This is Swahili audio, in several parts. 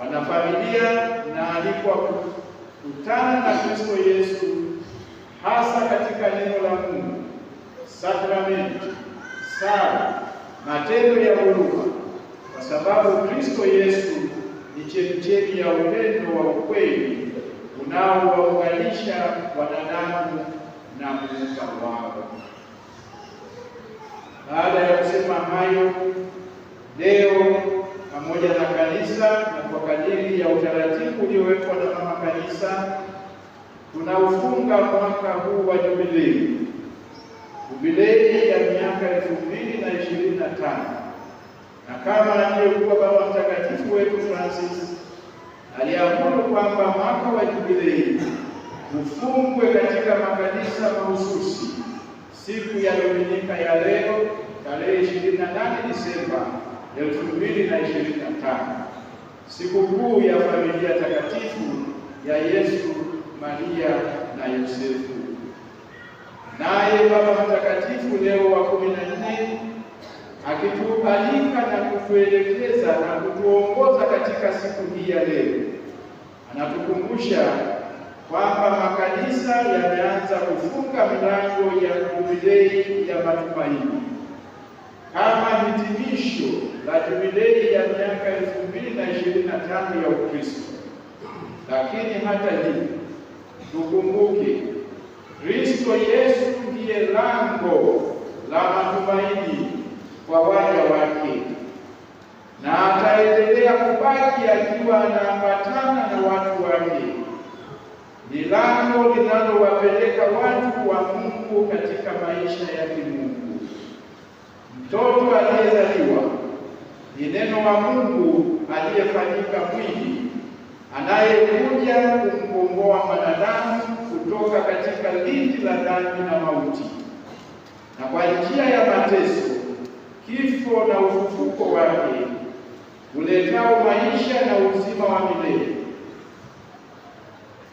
Wanafamilia alikuwa kukutana na Kristo Yesu hasa katika neno la Mungu, sakramenti, sala, matendo ya huruma, kwa sababu Kristo Yesu ni chemchemi ya upendo wa ukweli unaowaunganisha wanadamu na Muumba wao. Baada ya kusema hayo leo pamoja na kanisa na kwa kadiri ya utaratibu uliowekwa na mama kanisa, tunaufunga mwaka huu wa jubilei, jubilei ya miaka elfu mbili na ishirini na tano na kama aliyekuwa Baba Mtakatifu wetu Francis aliamuru kwamba mwaka wa jubilei ufungwe katika makanisa mahususi siku ya Dominika ya leo tarehe 28 Disemba elfu mbili na ishirini na tano sikukuu ya familia takatifu ya Yesu, Maria na Yosefu. Naye Baba Mtakatifu Leo wa kumi na nne akitualika na kutuelekeza na kutuongoza katika siku hii ya leo, anatukumbusha kwamba makanisa yameanza kufunga milango ya jubilei ya matumaini kama hitimisho la jubilei ya miaka elfu mbili na ishirini na tano ya Ukristo. Lakini hata hivyo, tukumbuke Kristo Yesu ndiye lango la matumaini kwa waja wake, na ataendelea kubaki akiwa anaambatana na watu wake. Ni lango linalowapeleka watu wa Mungu katika maisha ya kimungu mtoto aliyezaliwa ni neno wa Mungu aliyefanyika mwili anayekuja kumkomboa mwanadamu kutoka katika lindi la dhambi na mauti, na kwa njia ya mateso, kifo na ufufuko wake uletao maisha na uzima wa milele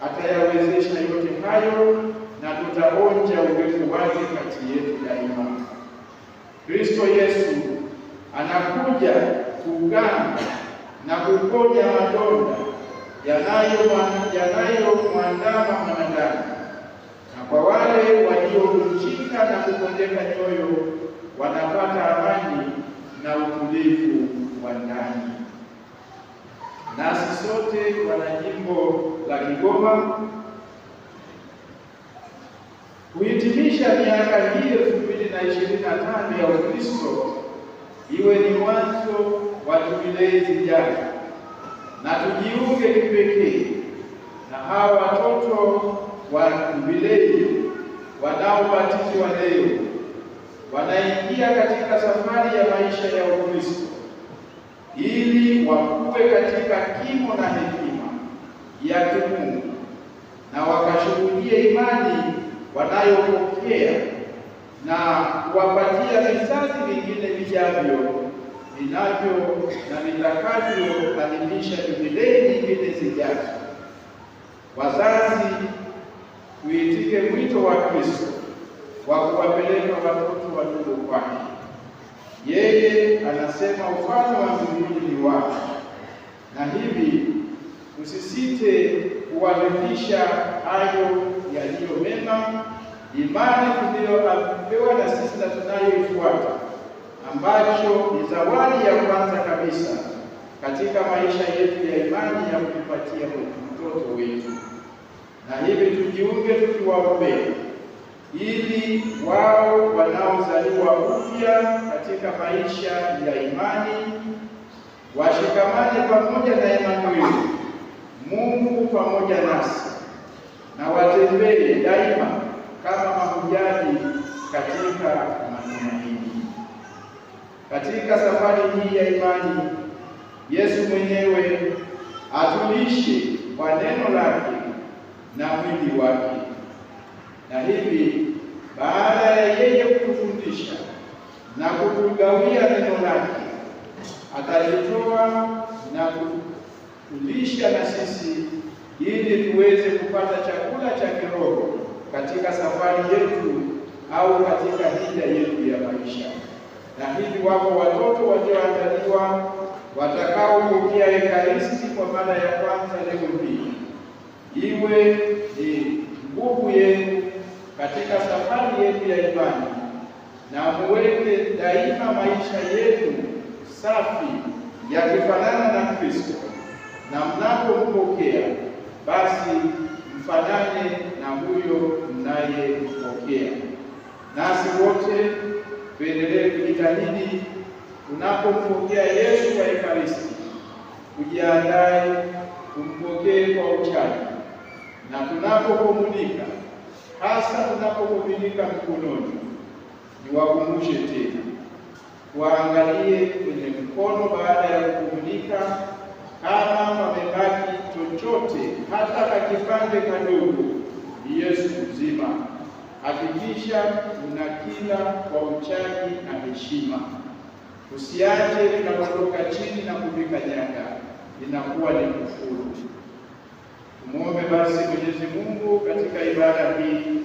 atayawezesha yote hayo, na tutaonja uwepo wake kati yetu daima. Kristo Yesu anakuja kuganda na kuponya madonda yanayomwandama mwanadamu, na kwa wale waliovunjika na kupondeka nyoyo wanapata amani na utulivu wa ndani. Nasi sote wana jimbo la Kigoma kuhitimisha miaka hii na ishirini na tano ya Ukristo iwe ni mwanzo wa jubilei zijazo, na tujiunge kipekee na hawa watoto wa jubilei wanaobatizwa leo, wanaingia katika safari ya maisha ya Ukristo ili wakuwe katika kimo na hekima ya kimungu na wakashuhudie imani wanayopokea na kuwapatia vizazi vingine vijavyo vinavyo na vitakavyoadhimisha jubilei nyingine zijazo. Wazazi kuitike mwito wa Kristo wa kuwapeleka watoto wadogo kwake. Yeye anasema ufalme wa mbinguni ni wako, na hivi usisite kuwarithisha hayo imani tuliyoambiwa na sisi na tunayoifuata, ambacho ni zawadi ya kwanza kabisa katika maisha yetu ya imani ya kumpatia mtoto wetu, na hivi tujiunge tukiwaombea ili wao wanaozaliwa upya katika maisha ya imani washikamane pamoja na imani Mungu pamoja nasi na watembee daima kama mahujaji katika dunia hii. Katika safari hii ya imani, Yesu mwenyewe atulishe kwa neno lake na mwili wake, na hivi baada ya yeye kutufundisha na kutugawia neno lake, atalitoa na kutulisha na sisi, ili tuweze kupata chakula cha kiroho katika safari yetu au katika hija yetu ya maisha. Na hivi wako watoto walioandaliwa watakaopokea Ekaristi kwa mara ya kwanza leo hii, iwe ni nguvu yetu katika safari yetu ya imani, na muweke daima maisha yetu safi yakifanana na Kristo, na mnapompokea basi mfanane na huyo tunayepokea. Nasi wote tuendelee kujitahidi tunapompokea Yesu wa Ekaristi, kujiandae kumpokee kwa uchaji, na tunapokomunika, hasa tunapokomunika mkononi, niwakumbushe tena, waangalie kwenye mkono baada ya kukomunika, kama pamebaki chochote hata kakipande kadogo ni Yesu mzima. Hakikisha kila kwa uchaji na heshima, usiache linapotoka chini na kuvika nyaga, linakuwa ni kufuru. Tumwombe basi Mwenyezi Mungu katika ibada hii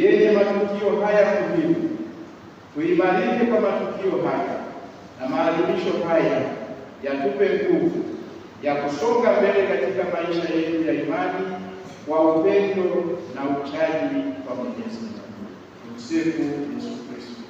yenye matukio haya muhimu, kuimarike kwa matukio haya na maadhimisho haya yatupe nguvu ya kusonga mbele katika maisha yetu ya imani kwa upendo na uchaji wa Mwenyezi Mungu. Tumsifu Yesu Kristo.